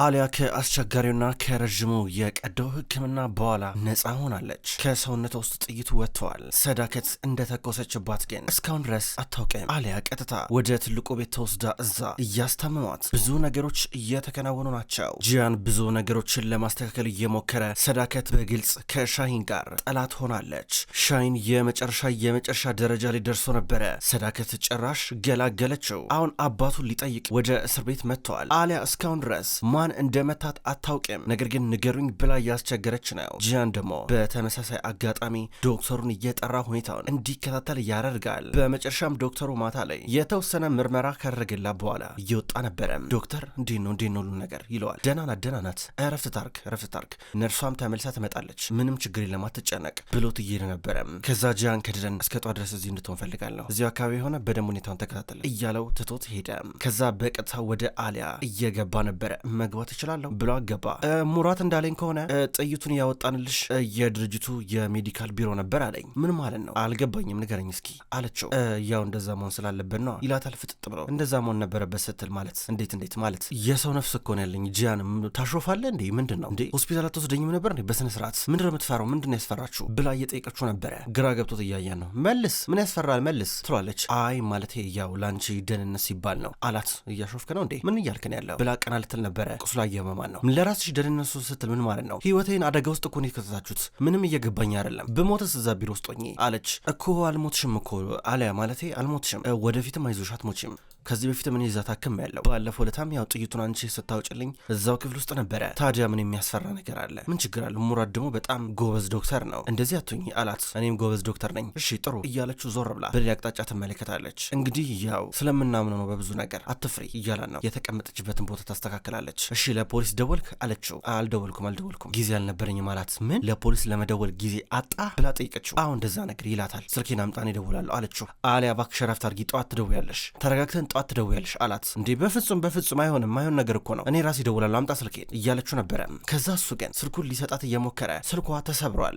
አሊያ ከአስቸጋሪውና ከረዥሙ የቀዶ ሕክምና በኋላ ነፃ ሆናለች። ከሰውነት ውስጥ ጥይቱ ወጥተዋል። ሰዳከት እንደተኮሰችባት ግን እስካሁን ድረስ አታውቅም። አሊያ ቀጥታ ወደ ትልቁ ቤት ተወስዳ እዛ እያስታመሟት ብዙ ነገሮች እየተከናወኑ ናቸው። ጂያን ብዙ ነገሮችን ለማስተካከል እየሞከረ ሰዳከት በግልጽ ከሻሂን ጋር ጠላት ሆናለች። ሻሂን የመጨረሻ የመጨረሻ ደረጃ ላይ ደርሶ ነበረ። ሰዳከት ጭራሽ ገላገለችው። አሁን አባቱን ሊጠይቅ ወደ እስር ቤት መጥተዋል። አሊያ እስካሁን ድረስ ብቻዋን እንደመታት አታውቅም። ነገር ግን ንገሩኝ ብላ እያስቸገረች ነው። ጂያን ደግሞ በተመሳሳይ አጋጣሚ ዶክተሩን እየጠራ ሁኔታውን እንዲከታተል ያደርጋል። በመጨረሻም ዶክተሩ ማታ ላይ የተወሰነ ምርመራ ካደረገላ በኋላ እየወጣ ነበረም። ዶክተር እንዴት ነው እንዴት ነው ሁሉ ነገር ይለዋል። ደህናናት ደናናት፣ ረፍት ታርክ ረፍት ታርክ። ነርሷም ተመልሳ ትመጣለች፣ ምንም ችግር የለም አትጨነቅ ብሎት እየሄደ ነበረም። ከዛ ጂያን ከድረን እስከ ጧት ድረስ እዚህ እንድትሆን ፈልጋለሁ፣ እዚሁ አካባቢ የሆነ በደንብ ሁኔታውን ተከታተለ እያለው ትቶት ሄደ። ከዛ በቀጥታ ወደ አሊያ እየገባ ነበረ ማግባት እችላለሁ ብሎ አገባ። ሙራት እንዳለኝ ከሆነ ጥይቱን ያወጣንልሽ የድርጅቱ የሜዲካል ቢሮ ነበር አለኝ። ምን ማለት ነው አልገባኝም፣ ንገረኝ እስኪ አለችው። ያው እንደዛ መሆን ስላለብን ነው ይላታል ፍጥጥ ብሎ። እንደዛ መሆን ነበረበት ስትል ማለት እንዴት እንዴት ማለት የሰው ነፍስ እኮ ነው ያለኝ። ጂያን ታሾፋለ እንዴ? ምንድን ነው እንዴ? ሆስፒታል አትወስደኝም ነበር እንዴ? በስነ ስርዓት ምንድን ነው የምትፈራው? ምንድን ነው ያስፈራችሁ? ብላ እየጠየቀችው ነበረ። ግራ ገብቶት እያያን ነው። መልስ ምን ያስፈራል መልስ ትሏለች። አይ ማለት ያው ላንቺ ደህንነት ሲባል ነው አላት። እያሾፍክ ነው እንዴ? ምን እያልክን ያለው ብላ ቀና ልትል ነበረ። ቁስላ እየህመማን ነው። ለራስሽ ደህንነት ስትል ምን ማለት ነው? ህይወቴን አደጋ ውስጥ እኮ ነው የከተታችሁት። ምንም እየገባኝ አይደለም። ብሞትስ እዛ ቢሮ ውስጥ ሆኜ አለች እኮ። አልሞትሽም እኮ አለ ማለቴ አልሞትሽም፣ ወደፊትም አይዞሽ አትሞችም ከዚህ በፊት ምን ይዛ ታክም ያለው ባለፈው ለታም ያው ጥይቱን አንቺ ስታውጭልኝ እዛው ክፍል ውስጥ ነበረ። ታዲያ ምን የሚያስፈራ ነገር አለ? ምን ችግር አለ? ሙራድ ደግሞ በጣም ጎበዝ ዶክተር ነው። እንደዚህ አትሁኝ አላት። እኔም ጎበዝ ዶክተር ነኝ። እሺ ጥሩ እያለችው ዞር ብላ በሌላ አቅጣጫ ትመለከታለች። እንግዲህ ያው ስለምናምነው ነው በብዙ ነገር አትፍሪ እያላ ነው። የተቀመጠችበትን ቦታ ታስተካክላለች። እሺ ለፖሊስ ደወልክ አለችው። አልደወልኩም አልደወልኩም ጊዜ አልነበረኝም አላት። ምን ለፖሊስ ለመደወል ጊዜ አጣ ብላ ጠይቀችው። አሁን እንደዛ ነገር ይላታል። ስልኬን አምጣን ይደውላለሁ አለችው። አሊያ እባክሽ ረፍት አድርጊ፣ ጠዋት ትደውያለሽ። ተረጋግተን ጠዋት ትደውያለሽ አላት። እንዴ በፍጹም በፍጹም አይሆንም፣ አይሆን ነገር እኮ ነው እኔ ራሴ ደውላለሁ፣ አምጣ ስልኬን እያለችው ነበረ። ከዛ እሱ ግን ስልኩን ሊሰጣት እየሞከረ ስልኳ ተሰብሯል፣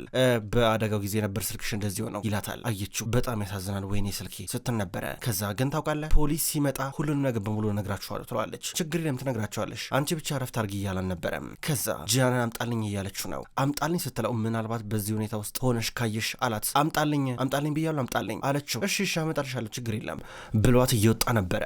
በአደጋው ጊዜ ነበር ስልክሽ እንደዚህ ሆነው ይላታል። አየችው፣ በጣም ያሳዝናል፣ ወይኔ ስልኬ ስትል ነበረ። ከዛ ግን ታውቃለህ ፖሊስ ሲመጣ ሁሉንም ነገር በሙሉ ነግራችኋለሁ ትለዋለች። ችግር የለም ትነግራቸዋለሽ፣ አንቺ ብቻ ረፍት አድርጊ እያላን ነበረ። ከዛ ጂያንን አምጣልኝ እያለችው ነው። አምጣልኝ ስትለው ምናልባት በዚህ ሁኔታ ውስጥ ሆነሽ ካየሽ አላት። አምጣልኝ አምጣልኝ ብያሉ አምጣልኝ አለችው። እሺ እሺ አመጣልሻለሁ ችግር የለም ብሏት እየወጣ ነበረ።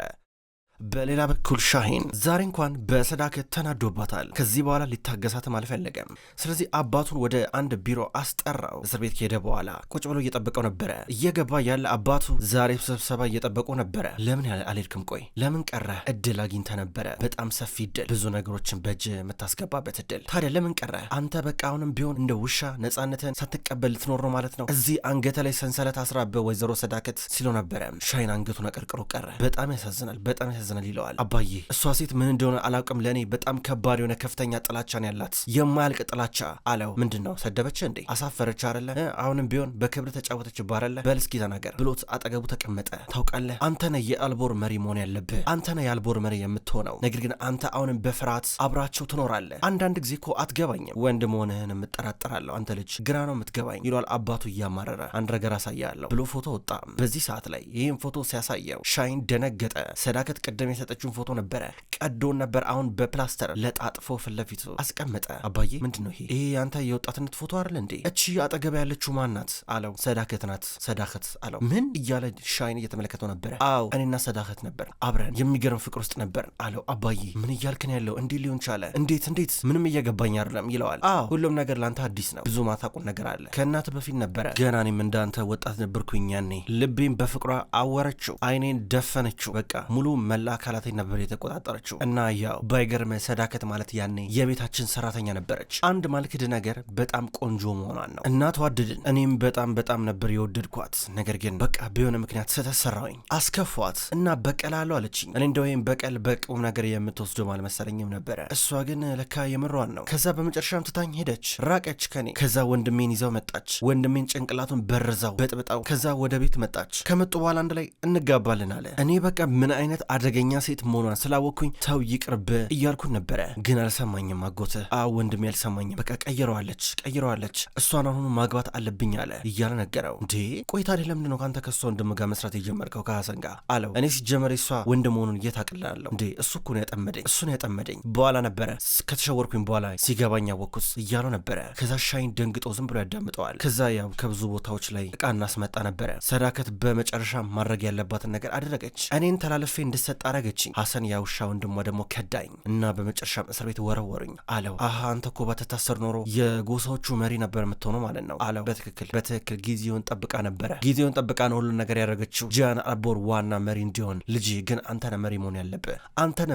በሌላ በኩል ሻሂን ዛሬ እንኳን በሰዳከት ተናዶባታል። ከዚህ በኋላ ሊታገሳትም አልፈለገም። ስለዚህ አባቱን ወደ አንድ ቢሮ አስጠራው። እስር ቤት ከሄደ በኋላ ቁጭ ብሎ እየጠበቀው ነበረ። እየገባ ያለ አባቱ ዛሬ ስብሰባ እየጠበቁ ነበረ። ለምን አልሄድክም? ቆይ ለምን ቀረህ? እድል አግኝተ ነበረ። በጣም ሰፊ እድል፣ ብዙ ነገሮችን በእጅ የምታስገባበት እድል። ታዲያ ለምን ቀረህ? አንተ በቃ አሁንም ቢሆን እንደ ውሻ ነጻነትን ሳትቀበል ልትኖር ነው ማለት ነው። እዚህ አንገተ ላይ ሰንሰለት አስራበ ወይዘሮ ሰዳከት ሲለው ነበረ። ሻሂን አንገቱን አቀርቅሮ ቀረ። በጣም ያሳዝናል። በጣም ያሳዝናል። ያሳዝናል ይለዋል። አባዬ እሷ ሴት ምን እንደሆነ አላውቅም፣ ለእኔ በጣም ከባድ የሆነ ከፍተኛ ጥላቻን ያላት የማያልቅ ጥላቻ አለው። ምንድን ነው ሰደበች እንዴ? አሳፈረች አለ። አሁንም ቢሆን በክብር ተጫወተች ባረለ። በል እስኪ ተናገር ብሎት አጠገቡ ተቀመጠ። ታውቃለህ፣ አንተነ የአልቦር መሪ መሆን ያለብህ አንተነ የአልቦር መሪ የምትሆነው ነገር ግን አንተ አሁንም በፍርሃት አብራቸው ትኖራለህ። አንዳንድ ጊዜ እኮ አትገባኝም፣ ወንድ መሆንህን የምጠራጠራለሁ። አንተ ልጅ ግራ ነው የምትገባኝ ይሏል አባቱ እያማረረ። አንድ ነገር አሳያለሁ ብሎ ፎቶ ወጣ። በዚህ ሰዓት ላይ ይህም ፎቶ ሲያሳየው ሻይን ደነገጠ። ሰዳከት ቀደም የሰጠችውን ፎቶ ነበረ ቀዶን ነበር። አሁን በፕላስተር ለጣጥፎ ፊት ለፊቱ አስቀመጠ። አባዬ ምንድን ነው ይሄ? ይሄ ያንተ የወጣትነት ፎቶ አይደል እንዴ? እቺ አጠገብ ያለችው ማናት? አለው። ሰዳከት ናት ሰዳከት አለው። ምን እያለ ሻይን እየተመለከተው ነበረ። አዎ እኔና ሰዳከት ነበር አብረን የሚገርም ፍቅር ውስጥ ነበር አለው። አባዬ ምን እያልክን ያለው እንዴት ሊሆን ቻለ? እንዴት እንዴት? ምንም እየገባኝ አይደለም ይለዋል። አዎ ሁሉም ነገር ለአንተ አዲስ ነው፣ ብዙ ማታቁን ነገር አለ። ከእናት በፊት ነበረ ገና እኔም እንዳንተ ወጣት ነበርኩኝ ያኔ። ልቤም በፍቅሯ አወረችው፣ አይኔን ደፈነችው። በቃ ሙሉ መላ መላ አካላቴን ነበር የተቆጣጠረችው እና ያው ባይገርም ሰዳከት ማለት ያኔ የቤታችን ሰራተኛ ነበረች። አንድ ማልክድ ነገር በጣም ቆንጆ መሆኗን ነው እና ተዋደድን። እኔም በጣም በጣም ነበር የወደድኳት። ነገር ግን በቃ በሆነ ምክንያት ስተሰራውኝ አስከፏት እና በቀላሉ አለችኝ። እኔ እንደ ወይም በቀል በቁም ነገር የምትወስደው አልመሰለኝም ነበረ። እሷ ግን ለካ የምሯን ነው። ከዛ በመጨረሻም ትታኝ ሄደች፣ ራቀች ከኔ። ከዛ ወንድሜን ይዛው መጣች። ወንድሜን ጭንቅላቱን በርዛው በጥብጣው። ከዛ ወደ ቤት መጣች። ከመጡ በኋላ አንድ ላይ እንጋባልን አለ። እኔ በቃ ምን አይነት አደገ አደገኛ ሴት መሆኗን ስላወቅኩኝ ተው ይቅርብ እያልኩን ነበረ፣ ግን አልሰማኝም። አጎተ አ ወንድሜ አልሰማኝም። በቃ ቀይረዋለች ቀይረዋለች፣ እሷን አሁኑ ማግባት አለብኝ አለ እያለ ነገረው። እንዴ ቆይ ታዲያ ለምንድን ነው ከአንተ ከሷ ወንድም ጋር መስራት የጀመርከው ከሀሰን ጋር አለው። እኔ ሲጀመር እሷ ወንድ መሆኑን እየታቅላለሁ እንዴ እሱ እኮ ነው ያጠመደኝ፣ እሱ ነው ያጠመደኝ። በኋላ ነበረ ከተሸወርኩኝ በኋላ ሲገባኝ አወቅኩት እያለው ነበረ። ከዛ ሻይን ደንግጦ ዝም ብሎ ያዳምጠዋል። ከዛ ያው ከብዙ ቦታዎች ላይ እቃ እናስመጣ ነበረ። ሰዳከት በመጨረሻ ማድረግ ያለባትን ነገር አደረገች። እኔን ተላልፌ እንድሰጥ ቀጥ አረገችኝ። ሐሰን ያውሻ ወንድሟ ደግሞ ከዳኝ እና በመጨረሻም እስር ቤት ወረወሩኝ አለው። አሀ አንተ እኮ ባትታሰር ኖሮ የጎሳዎቹ መሪ ነበር የምትሆነው ማለት ነው አለው። በትክክል በትክክል ጊዜውን ጠብቃ ነበረ። ጊዜውን ጠብቃ ነው ሁሉን ነገር ያደረገችው ጃን አቦር ዋና መሪ እንዲሆን። ልጅ ግን አንተነ መሪ መሆን ያለብ አንተነ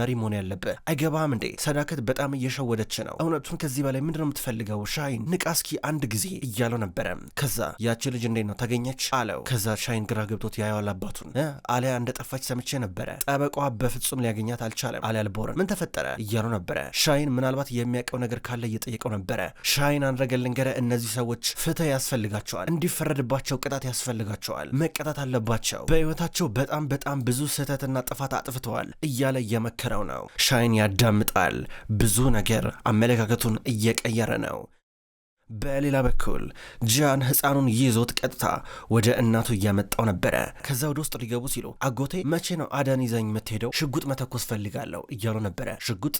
መሪ መሆን ያለብ አይገባም እንዴ? ሰዳከት በጣም እየሸወደች ነው። እውነቱን ከዚህ በላይ ምንድነው የምትፈልገው? ሻይን ንቃ እስኪ አንድ ጊዜ እያለው ነበረ። ከዛ ያቺ ልጅ እንዴት ነው ተገኘች አለው። ከዛ ሻይን ግራ ገብቶት ያየዋል አባቱን። አሊያ እንደጠፋች ሰምቼ ነበር ነበረ። ጠበቋ በፍጹም ሊያገኛት አልቻለም። አልያልቦርን ምን ተፈጠረ እያሉ ነበረ። ሻይን ምናልባት የሚያውቀው ነገር ካለ እየጠየቀው ነበረ። ሻይን አንረገ እነዚህ ሰዎች ፍትህ ያስፈልጋቸዋል፣ እንዲፈረድባቸው ቅጣት ያስፈልጋቸዋል፣ መቀጣት አለባቸው። በህይወታቸው በጣም በጣም ብዙ ስህተትና ጥፋት አጥፍተዋል እያለ እየመከረው ነው። ሻይን ያዳምጣል። ብዙ ነገር አመለካከቱን እየቀየረ ነው። በሌላ በኩል ጃን ህፃኑን ይዞት ቀጥታ ወደ እናቱ እያመጣው ነበረ። ከዛ ወደ ውስጥ ሊገቡ ሲሉ አጎቴ መቼ ነው አዳን ይዘኝ የምትሄደው? ሽጉጥ መተኮስ ፈልጋለሁ እያሉ ነበረ። ሽጉጥ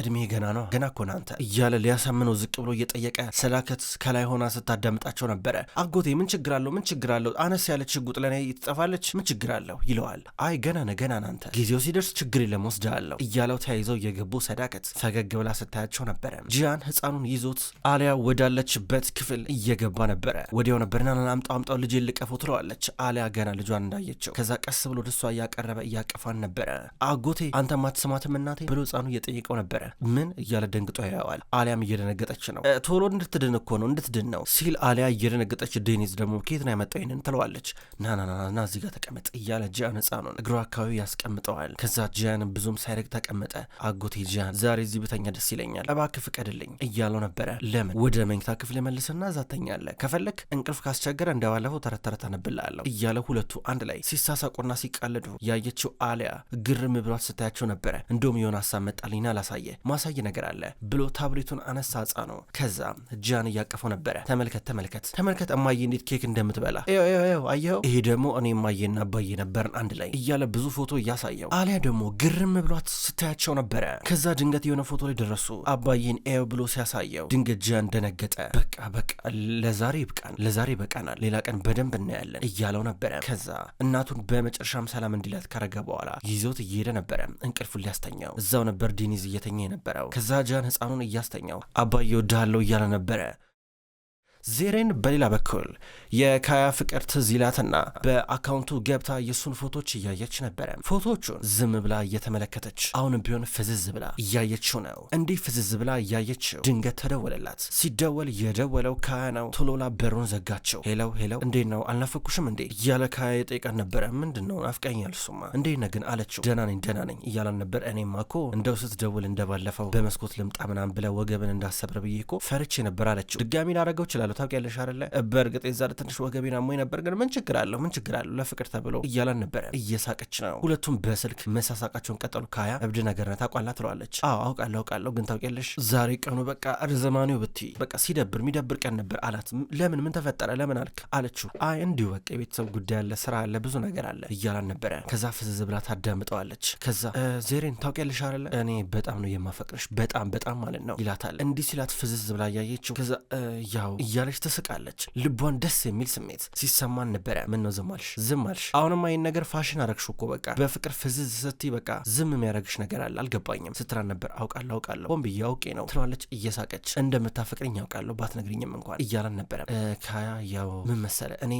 እድሜ ገና ነው ገና እኮ ናንተ እያለ ሊያሳምነው ዝቅ ብሎ እየጠየቀ ሰላከት ከላይ ሆና ስታዳምጣቸው ነበረ። አጎቴ ምን ችግር አለው? ምን ችግር አለው? አነስ ያለች ሽጉጥ ለእኔ ትጠፋለች፣ ምን ችግር አለው ይለዋል። አይ ገና ነው ገና ናንተ ጊዜው ሲደርስ ችግር የለም ወስድሃለሁ እያለው ተያይዘው እየገቡ ሰዳከት ፈገግ ብላ ስታያቸው ነበረ። ጃን ህፃኑን ይዞት አሊያ ወዳለች ወዳለችበት ክፍል እየገባ ነበረ። ወዲያው ነበርና አምጣው አምጣው ልጅ ልቀፈው ትለዋለች። አሊያ ገና ልጇን እንዳየችው ከዛ ቀስ ብሎ ወደ እሷ እያቀረበ እያቀፋን ነበረ። አጎቴ አንተ ማትሰማትም እናቴ ብሎ ህፃኑ እየጠየቀው ነበረ። ምን እያለ ደንግጦ ያየዋል። አሊያም እየደነገጠች ነው። ቶሎ እንድትድን እኮ ነው እንድትድን ነው ሲል አሊያ እየደነገጠች ዴኒዝ ደግሞ ኬት ነው ያመጣው ይህንን ትለዋለች። ናናናና እዚህ ጋር ተቀመጥ እያለ ጂያን ህፃኑን እግሯ አካባቢ ያስቀምጠዋል። ከዛ ጂያንም ብዙም ሳይረግ ተቀመጠ። አጎቴ ጂያን ዛሬ እዚህ ብተኛ ደስ ይለኛል፣ እባክህ ፍቀድልኝ እያለው ነበረ። ለምን ወደ መኝታ ክፍል መልስና እዛ ተኛለህ። ከፈለክ እንቅልፍ ካስቸገረ እንደባለፈው ተረት ተረት አነብልሃለሁ እያለ ሁለቱ አንድ ላይ ሲሳሳቁና ሲቃለዱ ያየችው አሊያ ግርም ብሏት ስታያቸው ነበረ። እንደውም የሆነ ሀሳብ መጣልኝና አላሳየ ማሳይ ነገር አለ ብሎ ታብሌቱን አነሳ ህጻ ነው። ከዛ ጃን እያቀፈው ነበረ። ተመልከት ተመልከት ተመልከት እማዬ እንዴት ኬክ እንደምትበላ አየው። ይሄ ደግሞ እኔ እማዬና አባዬ ነበርን አንድ ላይ እያለ ብዙ ፎቶ እያሳየው አሊያ ደግሞ ግርም ብሏት ስታያቸው ነበረ። ከዛ ድንገት የሆነ ፎቶ ላይ ደረሱ። አባዬን ኤው ብሎ ሲያሳየው ድንገት ጃን ደነገጠ። በቃ በቃ ለዛሬ ይብቃን፣ ለዛሬ በቃናል፣ ሌላ ቀን በደንብ እናያለን እያለው ነበረ። ከዛ እናቱን በመጨረሻም ሰላም እንዲላት ካረገ በኋላ ይዞት እየሄደ ነበረ። እንቅልፉን ሊያስተኛው እዛው ነበር ዲኒዝ እየተኛ የነበረው። ከዛ ጃን ህፃኑን እያስተኛው አባዬ እወድሃለሁ እያለ ነበረ። ዜሬን በሌላ በኩል የካያ ፍቅር ትዝ ይላትና በአካውንቱ ገብታ የሱን ፎቶች እያየች ነበረ። ፎቶቹን ዝም ብላ እየተመለከተች አሁንም ቢሆን ፍዝዝ ብላ እያየችው ነው። እንዲህ ፍዝዝ ብላ እያየችው ድንገት ተደወለላት። ሲደወል የደወለው ካያ ነው። ቶሎላ በሩን ዘጋቸው። ሄለው ሄለው፣ እንዴት ነው አልናፈኩሽም እንዴ እያለ ካያ የጠየቃት ነበረ። ምንድን ነው ናፍቀኛል እሱማ እንዴት ነህ ግን አለችው። ደህና ነኝ ደህና ነኝ እያላን ነበር። እኔማ እኮ እንደው ስትደውል እንደባለፈው በመስኮት ልምጣ ምናምን ብለ ወገብን እንዳሰብር ብዬ እኮ ፈርቼ ነበር አለችው። ድጋሚ ላረገው ይችላል አለው ታውቂያለሽ አይደለ? በእርግጥ የዛ ትንሽ ወገቤን አሞኝ ነበር፣ ግን ምን ችግር አለው? ምን ችግር አለው? ለፍቅር ተብሎ እያላን ነበረ። እየሳቀች ነው። ሁለቱም በስልክ መሳሳቃቸውን ቀጠሉ። ካያ እብድ ነገር ነህ ታውቃለህ ትለዋለች። አዎ አውቃለሁ አውቃለሁ፣ ግን ታውቂያለሽ ዛሬ ቀኑ በቃ ርዝማኔው ብትይ በቃ ሲደብር የሚደብር ቀን ነበር አላት። ለምን ምን ተፈጠረ ለምን አልክ አለችው። አይ እንዲሁ በቃ የቤተሰብ ጉዳይ አለ፣ ስራ አለ፣ ብዙ ነገር አለ እያላን ነበረ። ከዛ ፍዝዝ ብላ ታዳምጠዋለች። ከዛ ዜሬን ታውቂያለሽ አይደለ? እኔ በጣም ነው የማፈቅርሽ በጣም በጣም ማለት ነው ይላታል። እንዲህ ሲላት ፍዝዝ ብላ እያየችው ከዛ ያው እያ እያለች ትስቃለች። ልቧን ደስ የሚል ስሜት ሲሰማን ነበረ። ምን ነው ዝም አልሽ ዝም አልሽ? አሁንም አይን ነገር ፋሽን አረግሽ እኮ በቃ በፍቅር ፍዝዝ ስትይ በቃ ዝም የሚያረግሽ ነገር አለ አልገባኝም ስትራን ነበር። አውቃለሁ አውቃለሁ ሆን ብዬ አውቄ ነው ትለዋለች እየሳቀች። እንደምታፈቅረኝ አውቃለሁ ባትነግሪኝም እንኳን እያላን ነበረ። ካያ ያው ምን መሰለ እኔ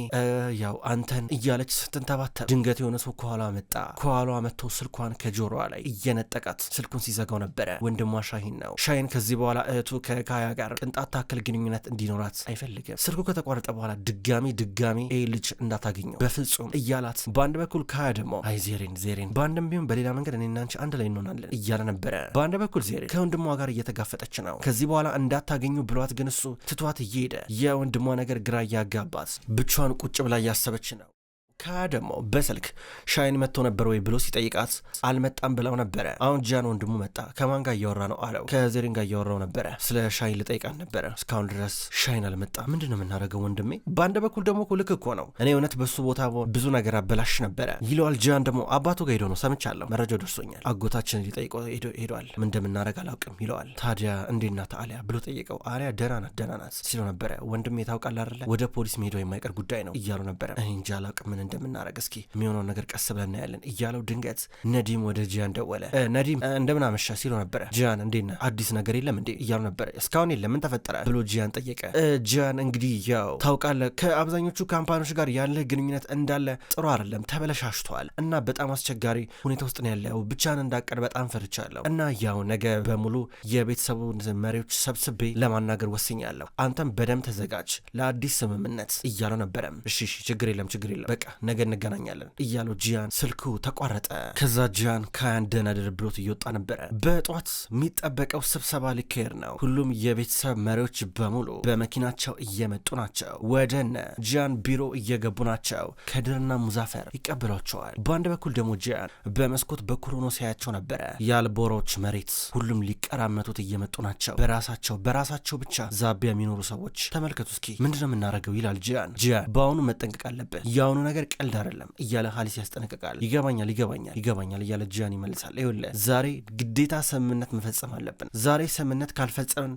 ያው አንተን እያለች ስትንተባተብ ድንገት የሆነ ሰው ከኋላ መጣ። ከኋላ መጥቶ ስልኳን ከጆሮዋ ላይ እየነጠቃት ስልኩን ሲዘጋው ነበረ። ወንድሟ ሻሂን ነው። ሻሂን ከዚህ በኋላ እህቱ ከካያ ጋር ቅንጣት ታክል ግንኙነት እንዲኖራት አይፈልግም። ስልኩ ከተቋረጠ በኋላ ድጋሚ ድጋሚ ይህ ልጅ እንዳታገኘው በፍጹም እያላት፣ በአንድ በኩል ካያ ደግሞ አይ ዜሬን ዜሬን በአንድም ቢሆን በሌላ መንገድ እኔና አንቺ አንድ ላይ እንሆናለን እያለ ነበረ። በአንድ በኩል ዜሬ ከወንድሟ ጋር እየተጋፈጠች ነው። ከዚህ በኋላ እንዳታገኙ ብሏት፣ ግን እሱ ትቷት እየሄደ የወንድሟ ነገር ግራ እያጋባት ብቻዋን ቁጭ ብላ እያሰበች ነው። ደግሞ በስልክ ሻይን መጥቶ ነበር ወይ ብሎ ሲጠይቃት አልመጣም ብለው ነበረ። አሁን ጃን ወንድሙ መጣ። ከማን ጋር እያወራ ነው አለው። ከዜሪን ጋር እያወራው ነበረ። ስለ ሻይን ልጠይቃት ነበረ። እስካሁን ድረስ ሻይን አልመጣ። ምንድን ነው የምናደርገው ወንድሜ? በአንድ በኩል ደግሞ ልክ እኮ ነው። እኔ እውነት በሱ ቦታ ብዙ ነገር አበላሽ ነበረ ይለዋል። ጃን ደግሞ አባቱ ጋር ሄዶ ነው ሰምቻለሁ፣ መረጃው ደርሶኛል። አጎታችን ሊጠይቆ ሄዷል። ምን እንደምናደርግ አላውቅም ይለዋል። ታዲያ እንዴት ናት አሊያ ብሎ ጠየቀው። አሊያ ደህና ናት ደህና ናት ሲለው ነበረ። ወንድሜ ታውቃለህ አይደለ ወደ ፖሊስ መሄዷ የማይቀር ጉዳይ ነው እያሉ ነበረ። እኔ እንጃ አላውቅም ምን እንደምናደርግ እስኪ የሚሆነውን ነገር ቀስ ብለን እናያለን እያለው ድንገት ነዲም ወደ ጂያን ደወለ። ነዲም እንደምን አመሻ ሲሉ ነበረ። ጂያን እንዴት ነህ? አዲስ ነገር የለም እንዴ እያሉ ነበረ። እስካሁን የለም ምን ተፈጠረ ብሎ ጂያን ጠየቀ። ጂያን እንግዲህ ያው ታውቃለህ ከአብዛኞቹ ካምፓኒዎች ጋር ያለ ግንኙነት እንዳለ ጥሩ አይደለም፣ ተበለሻሽተዋል እና በጣም አስቸጋሪ ሁኔታ ውስጥ ነው ያለው። ብቻን እንዳቀድ በጣም ፈርቻለሁ እና ያው ነገ በሙሉ የቤተሰቡ መሪዎች ሰብስቤ ለማናገር ወስኛለሁ። አንተም በደንብ ተዘጋጅ ለአዲስ ስምምነት እያለው ነበረም። እሺ ችግር የለም ችግር የለም በቃ ነገ እንገናኛለን እያለው ጂያን ስልኩ ተቋረጠ። ከዛ ጂያን ካያን ደናደር ብሎት እየወጣ ነበረ። በጧት የሚጠበቀው ስብሰባ ሊካሄድ ነው። ሁሉም የቤተሰብ መሪዎች በሙሉ በመኪናቸው እየመጡ ናቸው። ወደነ ጂያን ቢሮ እየገቡ ናቸው። ከድርና ሙዛፈር ይቀበሏቸዋል። በአንድ በኩል ደግሞ ጂያን በመስኮት በኩል ሆኖ ሲያያቸው ነበረ። የአልቦሮች መሬት ሁሉም ሊቀራመቱት እየመጡ ናቸው። በራሳቸው በራሳቸው ብቻ ዛቢያ የሚኖሩ ሰዎች ተመልከቱ እስኪ ምንድነው የምናደርገው? ይላል ጂያን ጂያን በአሁኑ መጠንቀቅ አለብን። የአሁኑ ነገር ቀልድ አይደለም እያለ ሀሊስ ያስጠነቅቃል። ይገባኛል ይገባኛል ይገባኛል እያለ ጃን ይመልሳል። ይኸውልህ ዛሬ ግዴታ ስምምነት መፈጸም አለብን። ዛሬ ስምምነት ካልፈጸምን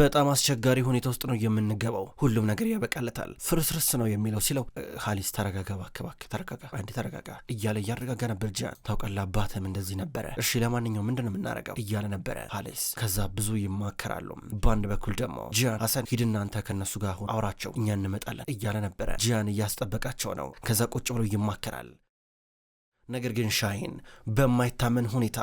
በጣም አስቸጋሪ ሁኔታ ውስጥ ነው የምንገባው። ሁሉም ነገር ያበቃለታል፣ ፍርስርስ ነው የሚለው ሲለው ሀሊስ ተረጋጋ፣ እባክህ እባክህ ተረጋጋ፣ አንዴ ተረጋጋ እያለ እያረጋጋ ነበር ጃን። ታውቃለህ አባትህም እንደዚህ ነበረ። እሺ ለማንኛውም ምንድን ነው የምናረገው እያለ ነበረ ሀሊስ። ከዛ ብዙ ይማከራሉ። በአንድ በኩል ደግሞ ጃን ሀሰን ሂድና አንተ ከነሱ ጋር አሁን አውራቸው እኛ እንመጣለን እያለ ነበረ። ጃን። እያስጠበቃቸው ነው። ከዛ ቁጭ ብሎ ይማከራል። ነገር ግን ሻሂን በማይታመን ሁኔታ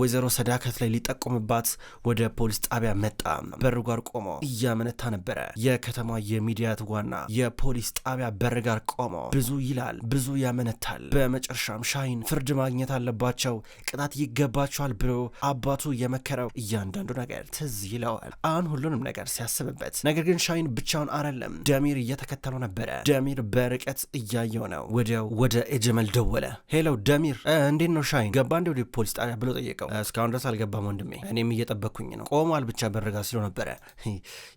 ወይዘሮ ሰዳከት ላይ ሊጠቁምባት ወደ ፖሊስ ጣቢያ መጣ። በር ጋር ቆሞ እያመነታ ነበረ። የከተማ የሚዲያ ዋና የፖሊስ ጣቢያ በር ጋር ቆሞ ብዙ ይላል፣ ብዙ ያመነታል። በመጨረሻም ሻሂን ፍርድ ማግኘት አለባቸው፣ ቅጣት ይገባቸዋል ብሎ አባቱ የመከረው እያንዳንዱ ነገር ትዝ ይለዋል። አሁን ሁሉንም ነገር ሲያስብበት፣ ነገር ግን ሻሂን ብቻውን አረለም። ደሚር እየተከተለው ነበረ። ደሚር በርቀት እያየው ነው። ወዲያው ወደ ኤጀመል ደወለ። ሄሎ ሄለው ደሚር እንዴት ነው ሻይን ገባ እንደ ወደ ፖሊስ ጣቢያ ብሎ ጠየቀው። እስካሁን ድረስ አልገባም ወንድሜ፣ እኔም እየጠበቅኩኝ ነው። ቆሟል ብቻ በረጋ ሲለው ነበረ።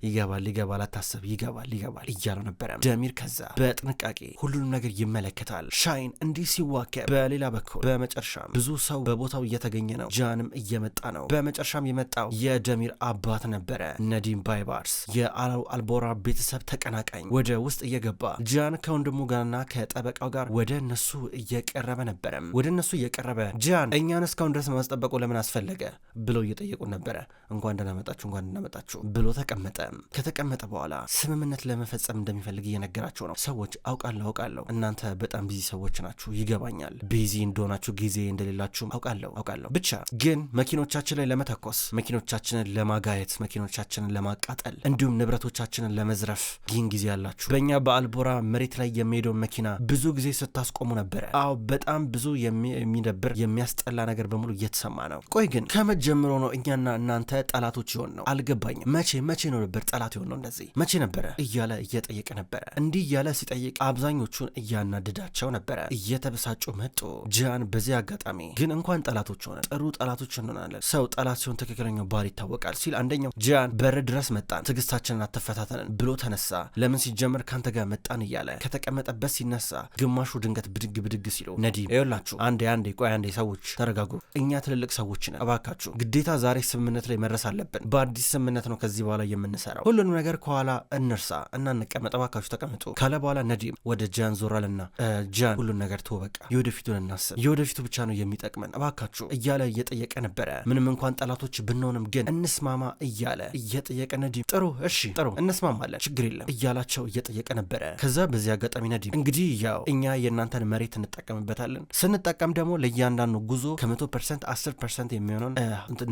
ይገባል ይገባል፣ አታሰብ ይገባል ይገባል እያለው ነበረ ደሚር። ከዛ በጥንቃቄ ሁሉንም ነገር ይመለከታል ሻይን እንዲህ ሲዋከብ። በሌላ በኩል በመጨረሻም ብዙ ሰው በቦታው እየተገኘ ነው፣ ጃንም እየመጣ ነው። በመጨረሻም የመጣው የደሚር አባት ነበረ ነዲም ባይባርስ፣ የአላው አልቦራ ቤተሰብ ተቀናቃኝ ወደ ውስጥ እየገባ ጃን ከወንድሙ ጋርና ከጠበቃው ጋር ወደ እነሱ እየቀረበ ነበር። አልነበረም። ወደ እነሱ እየቀረበ ጂያን እኛን እስካሁን ድረስ ማስጠበቁ ለምን አስፈለገ ብለው እየጠየቁ ነበረ። እንኳን እንደናመጣችሁ እንኳን እንደናመጣችሁ ብሎ ተቀመጠ። ከተቀመጠ በኋላ ስምምነት ለመፈጸም እንደሚፈልግ እየነገራቸው ነው። ሰዎች አውቃለሁ አውቃለሁ፣ እናንተ በጣም ቢዚ ሰዎች ናችሁ፣ ይገባኛል። ቢዚ እንደሆናችሁ ጊዜ እንደሌላችሁም አውቃለሁ አውቃለሁ። ብቻ ግን መኪኖቻችን ላይ ለመተኮስ መኪኖቻችንን ለማጋየት መኪኖቻችንን ለማቃጠል እንዲሁም ንብረቶቻችንን ለመዝረፍ ይህን ጊዜ ያላችሁ በእኛ በአልቦራ መሬት ላይ የሚሄደውን መኪና ብዙ ጊዜ ስታስቆሙ ነበረ። አዎ በጣም ብዙ የሚደብር የሚያስጠላ ነገር በሙሉ እየተሰማ ነው። ቆይ ግን ከመቼ ጀምሮ ነው እኛና እናንተ ጠላቶች ይሆን ነው? አልገባኝም። መቼ መቼ ነው ነበር ጠላት የሆን ነው? እንደዚህ መቼ ነበረ? እያለ እየጠየቀ ነበረ። እንዲህ እያለ ሲጠይቅ አብዛኞቹን እያናድዳቸው ነበረ። እየተበሳጩ መጡ። ጂያን በዚህ አጋጣሚ ግን እንኳን ጠላቶች ሆነን ጥሩ ጠላቶች እንሆናለን። ሰው ጠላት ሲሆን ትክክለኛው ባህል ይታወቃል ሲል አንደኛው ጂያን በር ድረስ መጣን ትዕግስታችንን አተፈታተንን ብሎ ተነሳ። ለምን ሲጀመር ከአንተ ጋር መጣን እያለ ከተቀመጠበት ሲነሳ ግማሹ ድንገት ብድግ ብድግ ሲሉ ነዲም አይደላችሁ። አንዴ አንዴ ቆይ አንዴ ሰዎች ተረጋጉ። እኛ ትልልቅ ሰዎች ነን። እባካችሁ ግዴታ ዛሬ ስምምነት ላይ መድረስ አለብን። በአዲስ ስምምነት ነው ከዚህ በኋላ የምንሰራው። ሁሉንም ነገር ከኋላ እንርሳ እና እንቀመጥ። እባካችሁ ተቀምጡ ካለ በኋላ ነዲም ወደ ጃን ዞራልና ጃን ሁሉን ነገር ተወው፣ በቃ የወደፊቱን እናስብ፣ የወደፊቱ ብቻ ነው የሚጠቅመን እባካችሁ እያለ እየጠየቀ ነበረ። ምንም እንኳን ጠላቶች ብንሆንም ግን እንስማማ እያለ እየጠየቀ ነዲም ጥሩ እሺ ጥሩ እንስማማለን ችግር የለም እያላቸው እየጠየቀ ነበረ። ከዛ በዚህ አጋጣሚ ነዲም እንግዲህ ያው እኛ የእናንተን መሬት እንጠቀምበታለን ስንጠቀም ደግሞ ለእያንዳንዱ ጉዞ ከመቶ ፐርሰንት አስር ፐርሰንት የሚሆነውን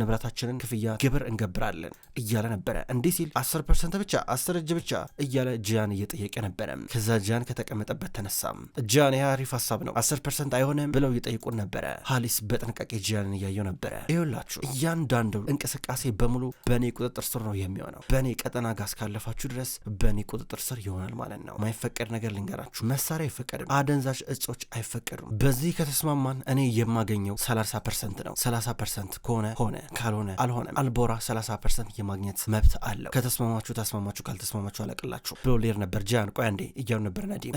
ንብረታችንን ክፍያ ግብር እንገብራለን እያለ ነበረ። እንዲህ ሲል አስር ፐርሰንት ብቻ አስር እጅ ብቻ እያለ ጂያን እየጠየቀ ነበረ። ከዛ ጂያን ከተቀመጠበት ተነሳም። ጂያን ይህ አሪፍ ሀሳብ ነው፣ አስር ፐርሰንት አይሆንም ብለው እየጠየቁን ነበረ። ሀሊስ በጥንቃቄ ጂያንን እያየው ነበረ። ይሁላችሁ እያንዳንዱ እንቅስቃሴ በሙሉ በእኔ ቁጥጥር ስር ነው የሚሆነው። በእኔ ቀጠና ጋር እስካለፋችሁ ድረስ በእኔ ቁጥጥር ስር ይሆናል ማለት ነው። ማይፈቀድ ነገር ልንገራችሁ፣ መሳሪያ አይፈቀድም፣ አደንዛዥ እጾች አይፈቀዱም። በዚህ እንግዲህ ከተስማማን እኔ የማገኘው 30 ፐርሰንት ነው። 30 ፐርሰንት ከሆነ ሆነ፣ ካልሆነ አልሆነም። አልቦራ 30 ፐርሰንት የማግኘት መብት አለው። ከተስማማችሁ ተስማማችሁ፣ ካልተስማማችሁ አለቅላችሁ ብሎ ሌር ነበር ጃን። ቆይ አንዴ እያሉ ነበር ነዲም።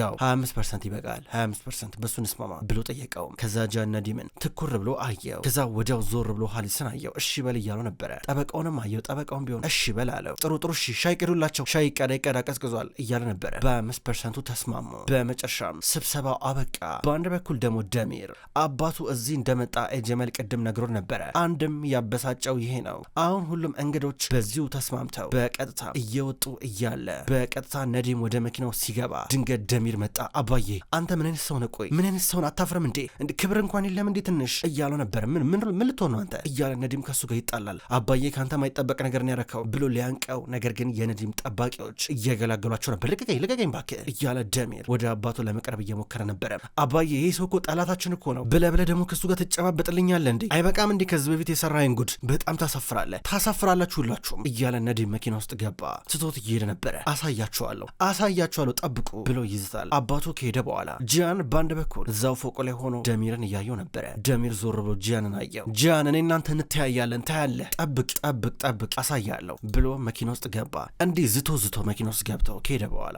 ያው 25 ፐርሰንት ይበቃል፣ 25 ፐርሰንት በሱ እንስማማ ብሎ ጠየቀውም። ከዛ ጃን ነዲምን ትኩር ብሎ አየው። ከዛ ወዲያው ዞር ብሎ ሀሊስን አየው። እሺ በል እያለው ነበረ። ጠበቃውንም አየው። ጠበቃውን ቢሆን እሺ በል አለው። ጥሩ ጥሩ፣ እሺ ሻይ ቅዱላቸው፣ ሻይ ቀዳ ይቀዳ ቀዝቅዟል እያለ ነበረ። በ5 ፐርሰንቱ ተስማሙ። በመጨረሻም ስብሰባው አበቃ። በአንድ በኩል በኩል ደግሞ ደሚር አባቱ እዚህ እንደመጣ ኤጀመል ቅድም ነግሮ ነበረ። አንድም ያበሳጨው ይሄ ነው። አሁን ሁሉም እንግዶች በዚሁ ተስማምተው በቀጥታ እየወጡ እያለ በቀጥታ ነዲም ወደ መኪናው ሲገባ ድንገት ደሚር መጣ። አባዬ አንተ ምን አይነት ሰው ነህ? ቆይ ምን አይነት ሰውን አታፍረም እንዴ? ክብር እንኳን የለም እንዴ? ትንሽ እያለው ነበር። ምን ምን ልትሆን ነው አንተ እያለ ነዲም ከሱ ጋር ይጣላል። አባዬ ከአንተ ማይጠበቅ ነገር ነው ያረከው ብሎ ሊያንቀው፣ ነገር ግን የነዲም ጠባቂዎች እየገላገሏቸው ነበር። ልቀቀኝ ልቀቀኝ ባክ እያለ ደሚር ወደ አባቱ ለመቅረብ እየሞከረ ነበረ። አባዬ ይህ ሰው እኮ ጠላታችን እኮ ነው ብለህ ብለህ ደግሞ ከሱ ጋር ትጨባበጥልኛለህ እንዴ? አይበቃም እንዴ? ከዚህ በፊት የሰራኸኝ ጉድ በጣም ታሳፍራለህ፣ ታሳፍራላችሁ ሁላችሁም እያለ ነዲም መኪና ውስጥ ገባ። ስቶት እየሄደ ነበረ። አሳያችኋለሁ፣ አሳያችኋለሁ፣ ጠብቁ ብሎ ይዝታል። አባቱ ከሄደ በኋላ ጂያን በአንድ በኩል እዛው ፎቅ ላይ ሆኖ ደሚርን እያየው ነበረ። ደሚር ዞር ብሎ ጂያንን አየው። ጂያን እኔ እናንተ እንተያያለን፣ ታያለህ፣ ጠብቅ፣ ጠብቅ፣ ጠብቅ አሳያለሁ ብሎ መኪና ውስጥ ገባ። እንዲህ ዝቶ ዝቶ መኪና ውስጥ ገብተው ከሄደ በኋላ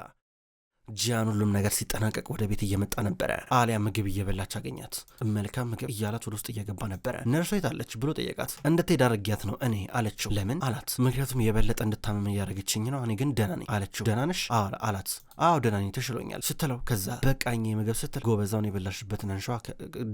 ጂያን ሁሉም ነገር ሲጠናቀቅ ወደ ቤት እየመጣ ነበረ። አሊያ ምግብ እየበላች አገኛት። መልካም ምግብ እያላት ወደ ውስጥ እየገባ ነበረ። ነርሷ የታለች ብሎ ጠየቃት። እንድትሄድ አድርጊያት ነው እኔ አለችው። ለምን አላት። ምክንያቱም የበለጠ እንድታመም እያደረገችኝ ነው፣ እኔ ግን ደህና ነኝ አለችው። ደህና ነሽ አላት። አዎ ደህና ነኝ ተሽሎኛል ስትለው፣ ከዛ በቃኝ ምግብ ስትል ጎበዛውን የበላሽበትን አንሿ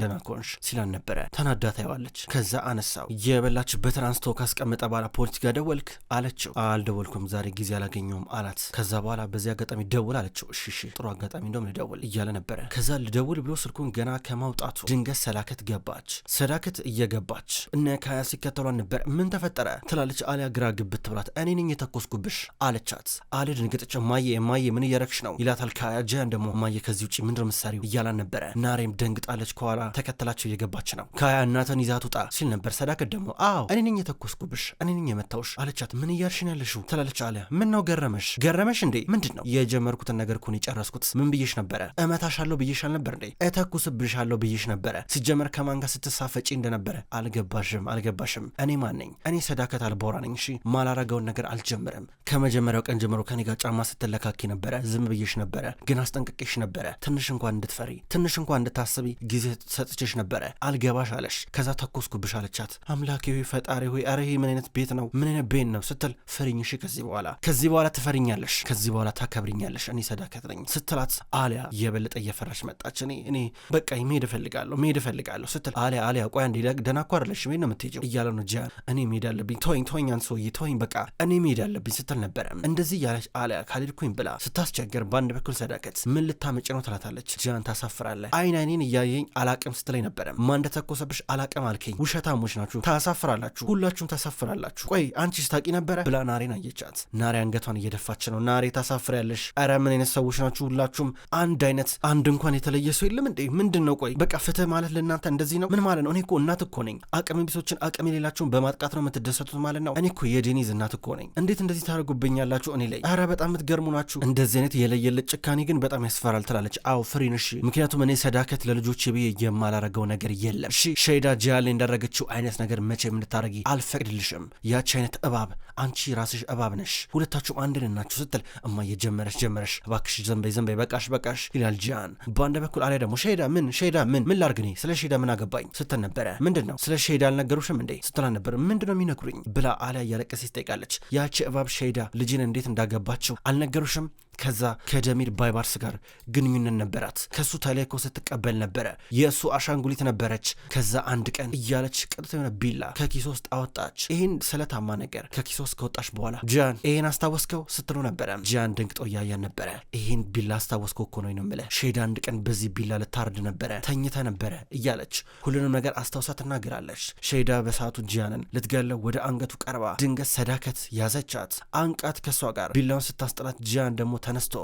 ደህና ኮንሽ ሲላን ነበረ። ተናዳ ታየዋለች። ከዛ አነሳው። የበላችበትን አንስቶ ካስቀመጠ በኋላ ፖሊስ ጋር ደወልክ አለችው። አልደወልኩም ዛሬ ጊዜ አላገኘውም አላት። ከዛ በኋላ በዚህ አጋጣሚ ደውል አለችው ሽሽ ጥሩ አጋጣሚ እንደም ልደውል እያለ ነበረ። ከዛ ልደውል ብሎ ስልኩን ገና ከማውጣቱ ድንገት ሰዳከት ገባች። ሰዳከት እየገባች እነ ካያ ሲከተሏን ነበር። ምን ተፈጠረ ትላለች አሊያ ግራ ግብት ብላት፣ እኔ ነኝ የተኮስኩብሽ አለቻት። አሊያ ደንገጠች። ማየ የማየ ምን እያረግሽ ነው ይላታል ካያ። ጃያን ደግሞ ማየ ከዚህ ውጭ ምንድር ምሳሪው እያላን ነበረ። ናሬም ደንግጣለች። ከኋላ ተከተላቸው እየገባች ነው። ካያ እናተን ይዛት ውጣ ሲል ነበር። ሰዳከት ደግሞ አዎ እኔ ነኝ የተኮስኩብሽ እኔ ነኝ የመታውሽ አለቻት። ምን እያርሽን ያለሽው ትላለች አሊያ። ምን ነው ገረመሽ ገረመሽ እንዴ ምንድን ነው የጀመርኩትን ነገር እኮን የጨረስኩት። ምን ብዬሽ ነበረ? እመታሻለሁ ብዬሽ አልነበር እንዴ? እተኩስብሻለሁ ብዬሽ ነበረ። ሲጀመር ከማን ጋር ስትሳፈጪ እንደነበረ አልገባሽም፣ አልገባሽም። እኔ ማን ነኝ? እኔ ሰዳከት አልቦራ ነኝ። እሺ ማላረገውን ነገር አልጀምርም። ከመጀመሪያው ቀን ጀምሮ ከኔ ጋር ጫማ ስትለካኪ ነበረ። ዝም ብዬሽ ነበረ፣ ግን አስጠንቅቄሽ ነበረ። ትንሽ እንኳን እንድትፈሪ፣ ትንሽ እንኳን እንድታስቢ ጊዜ ሰጥቼሽ ነበረ። አልገባሽ አለሽ። ከዛ ተኩስኩብሽ አለቻት። አምላኬ ሆይ ፈጣሪ ሆይ፣ አረ ይሄ ምን አይነት ቤት ነው? ምን አይነት ቤት ነው ስትል ፍሪኝ። እሺ ከዚህ በኋላ ከዚህ በኋላ ትፈሪኛለሽ፣ ከዚህ በኋላ ታከብሪኛለሽ። እኔ ሰዳከት መመልከት ነኝ ስትላት አሊያ እየበለጠ እየፈራች መጣች። እኔ እኔ በቃ መሄድ እፈልጋለሁ መሄድ እፈልጋለሁ ስትል አሊያ አሊያ ቆይ አንዴ ደህና እኮ አይደለሽም ነው የምትሄጂው እያለ ነው ጂያን። እኔ መሄድ አለብኝ ተወኝ ተወኝ አንድ ሰውዬ ተወኝ በቃ እኔ መሄድ አለብኝ ስትል ነበረ። እንደዚህ እያለች አሊያ ካልሄድኩኝ ብላ ስታስቸገር በአንድ በኩል ሰዳከት ምን ልታመጭ ነው ትላታለች። ጂያን ታሳፍራለህ፣ አይን አይኔን እያየኝ አላቅም ስትለኝ ነበረ። ማን እንደተኮሰብሽ አላቅም አልከኝ። ውሸታሞች ናችሁ፣ ታሳፍራላችሁ፣ ሁላችሁም ታሳፍራላችሁ። ቆይ አንቺ ስታቂ ነበረ ብላ ናሬን አየቻት። ናሬ አንገቷን እየደፋች ነው። ናሬ ታሳፍሪያለሽ። ኧረ ምን አይነት ሰው ሰዎች ናችሁ ሁላችሁም አንድ አይነት አንድ እንኳን የተለየ ሰው የለም እንዴ? ምንድን ነው ቆይ፣ በቃ ፍትህ ማለት ለእናንተ እንደዚህ ነው? ምን ማለት ነው? እኔ እኮ እናት እኮ ነኝ። አቅም ቢሶችን አቅም የሌላቸውን በማጥቃት ነው የምትደሰቱት ማለት ነው? እኔ እኮ የዴኒዝ እናት እኮ ነኝ። እንዴት እንደዚህ ታደርጉብኛላችሁ እኔ ላይ? አረ በጣም የምትገርሙ ናችሁ። እንደዚህ አይነት የለየለት ጭካኔ ግን በጣም ያስፈራል ትላለች። አው ፍሪን፣ ምክንያቱም እኔ ሰዳከት ለልጆች ብዬ የማላረገው ነገር የለም። ሺ ሸይዳ ጂያሌ እንዳደረገችው አይነት ነገር መቼ የምንታረጊ አልፈቅድልሽም። ያቺ አይነት እባብ አንቺ ራስሽ እባብ ነሽ፣ ሁለታችሁም አንድ ናችሁ ስትል እማዬ ጀመረሽ ጀመረሽ፣ እባክሽ ዘንበይ ዘንበይ፣ በቃሽ በቃሽ ይላል ጂያን። በአንድ በኩል አሊያ ደግሞ ሸሄዳ ምን ሸሄዳ ምን ምን ላርግ እኔ ስለ ሸሄዳ ምን አገባኝ ስትል ነበረ። ምንድን ነው ስለ ሸሄዳ አልነገሩሽም እንዴ ስትል ነበር። ምንድን ነው የሚነግሩኝ ብላ አሊያ እያለቀሰች ትጠይቃለች። ያቺ እባብ ሸሄዳ ልጅን እንዴት እንዳገባችው አልነገሩሽም ከዛ ከደሚር ባይባርስ ጋር ግንኙነት ነበራት። ከሱ ተለይኮ ስትቀበል ነበረ። የእሱ አሻንጉሊት ነበረች። ከዛ አንድ ቀን እያለች ቀጥታ የሆነ ቢላ ከኪሶ ውስጥ አወጣች። ይህን ስለታማ ነገር ከኪሶ ውስጥ ከወጣች በኋላ ጃን ይህን አስታወስከው ስትለው ነበረ። ጃን ደንግጦ እያያን ነበረ። ይህን ቢላ አስታወስከው እኮ ነው የምልህ። ሼድ አንድ ቀን በዚህ ቢላ ልታርድ ነበረ፣ ተኝተ ነበረ እያለች ሁሉንም ነገር አስታውሳ ትናገራለች። ሼዳ በሰዓቱ ጃንን ልትገለው ወደ አንገቱ ቀርባ ድንገት ሰዳከት ያዘቻት፣ አንቃት ከእሷ ጋር ቢላውን ስታስጠላት ጃን ደግሞ ተነስቶ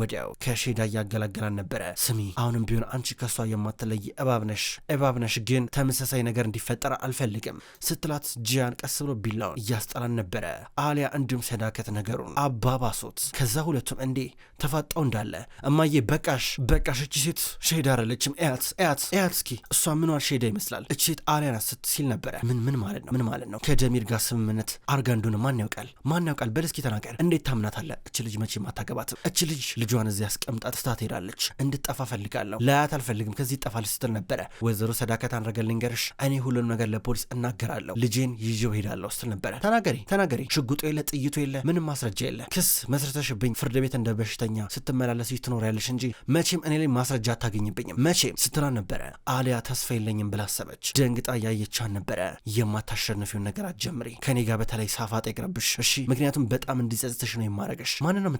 ወዲያው ከሼዳ እያገላገላን ነበረ። ስሚ አሁንም ቢሆን አንቺ ከሷ የማትለይ እባብነሽ እባብነሽ፣ ግን ተመሳሳይ ነገር እንዲፈጠር አልፈልግም ስትላት ጂያን ቀስ ብሎ ቢላውን እያስጠላን ነበረ። አሊያ እንዲሁም ሰዳከት ነገሩን አባባሶት። ከዛ ሁለቱም እንዴ ተፋጣው እንዳለ እማዬ በቃሽ በቃሽ፣ እቺ ሴት ሼዳ አይደለችም። እያት እያት እያት እስኪ እሷ ምኗን ሼዳ ይመስላል እቺ ሴት አሊያና ስት ሲል ነበረ። ምን ምን ማለት ነው? ምን ማለት ነው? ከደሚር ጋር ስምምነት አርጋ እንደሆነ ማን ያውቃል? ማን ያውቃል? በል እስኪ ተናገር። እንዴት አለ እች ልጅ መቼም አታገባትም። እች ልጅ ልጇን እዚህ አስቀምጣ ጥስታ ትሄዳለች። እንድጠፋ ፈልጋለሁ፣ ላያት አልፈልግም፣ ከዚህ ይጠፋል ስትል ነበረ። ወይዘሮ ሰዳከት አንረገ ልንገርሽ፣ እኔ ሁሉንም ነገር ለፖሊስ እናገራለሁ፣ ልጄን ይዤው ሄዳለሁ ስትል ነበረ። ተናገሪ ተናገሪ፣ ሽጉጡ የለ ጥይቱ የለ ምንም ማስረጃ የለ፣ ክስ መስርተሽብኝ ፍርድ ቤት እንደ በሽተኛ ስትመላለስ ትኖሪያለሽ እንጂ መቼም እኔ ላይ ማስረጃ አታገኝብኝም መቼም ስትላ ነበረ። አሊያ ተስፋ የለኝም ብላ አሰበች። ደንግጣ ያየቻን ነበረ። የማታሸንፊውን ነገር አትጀምሪ ከኔ ጋር በተለይ ሳፋ ይቅረብሽ እሺ፣ ምክንያቱም በጣም እንዲጸጽትሽ ነው የማረገሽ። ማንን ነው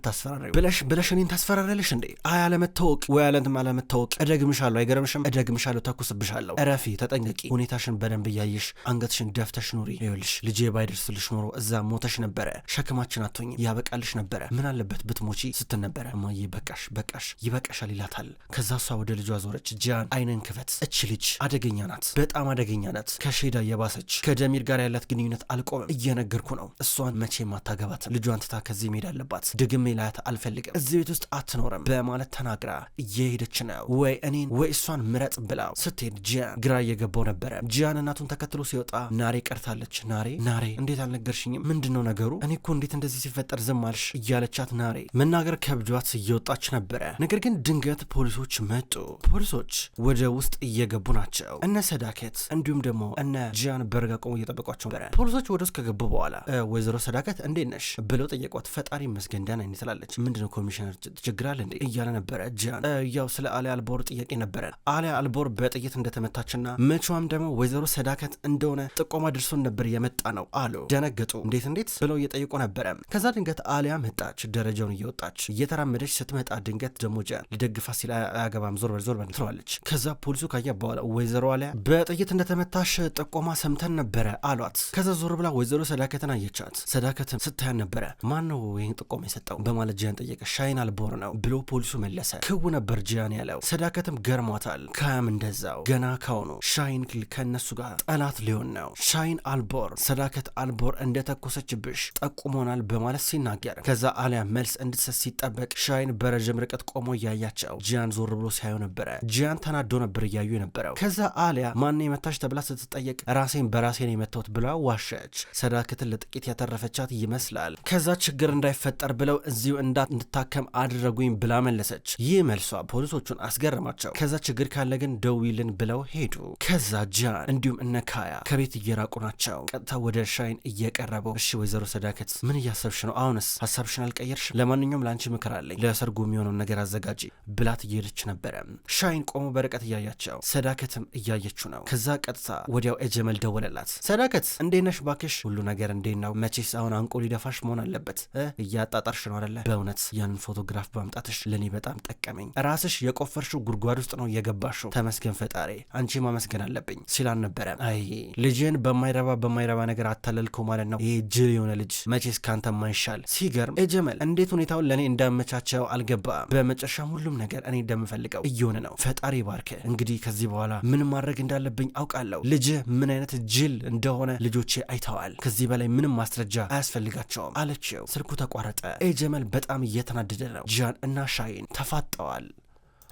ብለሽ ብለሽ እኔን ታስፈራሪያለሽ እንዴ? አይ አለመታወቅ ወይ አለንትም አለመታወቅ። እደግምሻለሁ፣ አይገርምሽም? እደግምሻለሁ፣ ተኩስብሻለሁ። እረፊ፣ ተጠንቀቂ። ሁኔታሽን በደንብ እያየሽ አንገትሽን ደፍተሽ ኑሪ። ይኸውልሽ ልጄ ባይደርስልሽ ኖሮ እዛ ሞተሽ ነበረ። ሸክማችን አቶኝ ያበቃልሽ ነበረ። ምን አለበት ብትሞቺ ስትል ነበረ። እማዬ በቃሽ፣ በቃሽ፣ ይበቃሻል ይላታል። ከዛ እሷ ወደ ልጇ ዞረች። ጂያን አይነን ክፈት፣ እች ልጅ አደገኛ ናት፣ በጣም አደገኛ ናት። ከሼዳ የባሰች ከደሚር ጋር ያላት ግንኙነት አልቆምም፣ እየነገርኩ ነው። እሷን መቼም አታገባትም። ልጇን ትታ ከዚህ መሄድ አለባት። ድግሜ ላያት አልፈልግም። እዚህ ቤት ውስጥ አትኖርም በማለት ተናግራ እየሄደች ነው። ወይ እኔን ወይ እሷን ምረጥ ብላው ስትሄድ ጂያን ግራ እየገባው ነበረ። ጂያን እናቱን ተከትሎ ሲወጣ ናሬ ቀርታለች። ናሬ ናሬ እንዴት አልነገርሽኝም? ምንድን ነው ነገሩ? እኔ እኮ እንዴት እንደዚህ ሲፈጠር ዝም አልሽ? እያለቻት ናሬ መናገር ከብዷት እየወጣች ነበረ። ነገር ግን ድንገት ፖሊሶች መጡ። ፖሊሶች ወደ ውስጥ እየገቡ ናቸው። እነ ሰዳከት እንዲሁም ደግሞ እነ ጂያን በርጋ ቆሞ እየጠበቋቸው ነበረ። ፖሊሶች ወደ ውስጥ ከገቡ በኋላ ወይዘሮ ሰዳከት እንዴት ነሽ ብለው ጠየቋት። ፈጣሪ መስገን ደህና ነኝ ትላለች። ምንድነው ኮሚሽነር ትቸግራል እንዴ እያለ ነበረ ጃን። ያው ስለ አሊያ አልቦር ጥያቄ ነበረ። አሊያ አልቦር በጥይት እንደተመታችና መቼዋም ደግሞ ወይዘሮ ሰዳከት እንደሆነ ጥቆማ ድርሶን ነበር የመጣ ነው አሉ። ደነገጡ። እንዴት እንዴት ብለው እየጠየቁ ነበረ። ከዛ ድንገት አሊያ መጣች፣ ደረጃውን እየወጣች እየተራመደች ስትመጣ ድንገት ደግሞ ጃን ሊደግፋ ሲል አያገባም ዞር በል ዞር በል ትለዋለች። ከዛ ፖሊሱ ካያ በኋላ ወይዘሮ አሊያ በጥይት እንደተመታሽ ጥቆማ ሰምተን ነበረ አሏት። ከዛ ዞር ብላ ወይዘሮ ሰዳከትን አየቻት። ሰዳከትን ስታያን ነበረ ማን ነው ይህን ጥቆማ የሰጠው በማለት ጃን ጠየቀ። ሻይን አልቦ ልቦር ነው ብሎ ፖሊሱ መለሰ። ክው ነበር ጂያን ያለው። ሰዳከትም ገርሟታል። ካያም እንደዛው ገና ካሁኑ ሻይን ከነሱ ጋር ጠላት ሊሆን ነው። ሻይን አልቦር ሰዳከት አልቦር እንደተኮሰችብሽ ጠቁሞናል በማለት ሲናገር ከዛ አሊያ መልስ እንድትሰጥ ሲጠበቅ ሻይን በረዥም ርቀት ቆሞ እያያቸው ጂያን ዞር ብሎ ሲያዩ ነበረ። ጂያን ተናዶ ነበር እያዩ የነበረው። ከዛ አሊያ ማን የመታሽ ተብላ ስትጠየቅ ራሴን በራሴን የመታሁት ብላ ዋሸች። ሰዳከትን ለጥቂት ያተረፈቻት ይመስላል። ከዛ ችግር እንዳይፈጠር ብለው እዚሁ እንድታከም አ አደረጉኝ ብላ መለሰች። ይህ መልሷ ፖሊሶቹን አስገረማቸው። ከዛ ችግር ካለ ግን ደዊልን ብለው ሄዱ። ከዛ ጃን እንዲሁም እነ ካያ ከቤት እየራቁ ናቸው። ቀጥታ ወደ ሻይን እየቀረበው እሺ፣ ወይዘሮ ሰዳከት ምን እያሰብሽ ነው? አሁንስ ሀሳብሽን አልቀየርሽ? ለማንኛውም ለአንቺ ምክር አለኝ። ለሰርጉ የሚሆነውን ነገር አዘጋጂ ብላት እየሄደች ነበረ። ሻይን ቆሞ በርቀት እያያቸው፣ ሰዳከትም እያየችው ነው። ከዛ ቀጥታ ወዲያው እጀመል ደወለላት። ሰዳከት እንዴት ነሽ? ባክሽ ሁሉ ነገር እንዴት ነው? መቼስ አሁን አንቆ ሊደፋሽ መሆን አለበት። እያጣጣርሽ ነው አለ በእውነት ያንን ፎቶግራ ፎቶግራፍ በማምጣትሽ ለእኔ በጣም ጠቀመኝ። ራስሽ የቆፈርሽው ጉድጓድ ውስጥ ነው የገባሽው። ተመስገን ፈጣሪ፣ አንቺ ማመስገን አለብኝ ሲላን ነበረ። አይ ልጅን በማይረባ በማይረባ ነገር አታለልከው ማለት ነው። ይሄ ጅል የሆነ ልጅ መቼስ ካንተ ማይሻል። ሲገርም ጀመል እንዴት ሁኔታውን ለእኔ እንዳመቻቸው አልገባም። በመጨረሻም ሁሉም ነገር እኔ እንደምፈልገው እየሆነ ነው። ፈጣሪ ባርክ። እንግዲህ ከዚህ በኋላ ምን ማድረግ እንዳለብኝ አውቃለሁ። ልጅ ምን አይነት ጅል እንደሆነ ልጆቼ አይተዋል። ከዚህ በላይ ምንም ማስረጃ አያስፈልጋቸውም አለችው። ስልኩ ተቋረጠ። ኤጀመል በጣም እየተናደደ ነው። ጃን እና ሻይን ተፋጠዋል።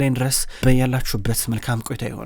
እስከምንገናኝ ድረስ በያላችሁበት መልካም ቆይታ ይሆን።